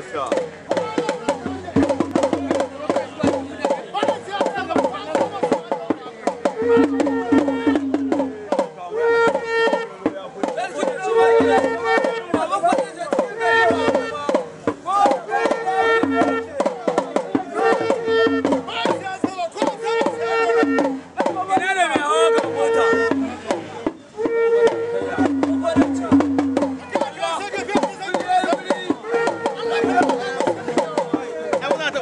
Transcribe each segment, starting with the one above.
ないですか。Let's go.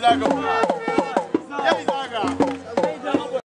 Zagopa.